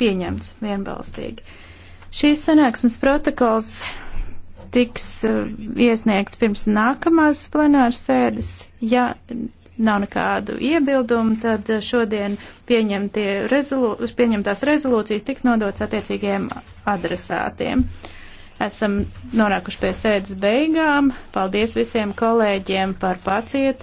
pieņemts vienbalstīgi. Šīs sanāksmes protokols tiks uh, iesniegts pirms nākamās plenāras sēdes. Ja nav nekādu iebildumu, tad uh, šodien rezolū pieņemtās rezolūcijas tiks nodots attiecīgiem adresātiem. Esam nonākuši pie sēdes beigām. Paldies visiem kolēģiem par pacietību.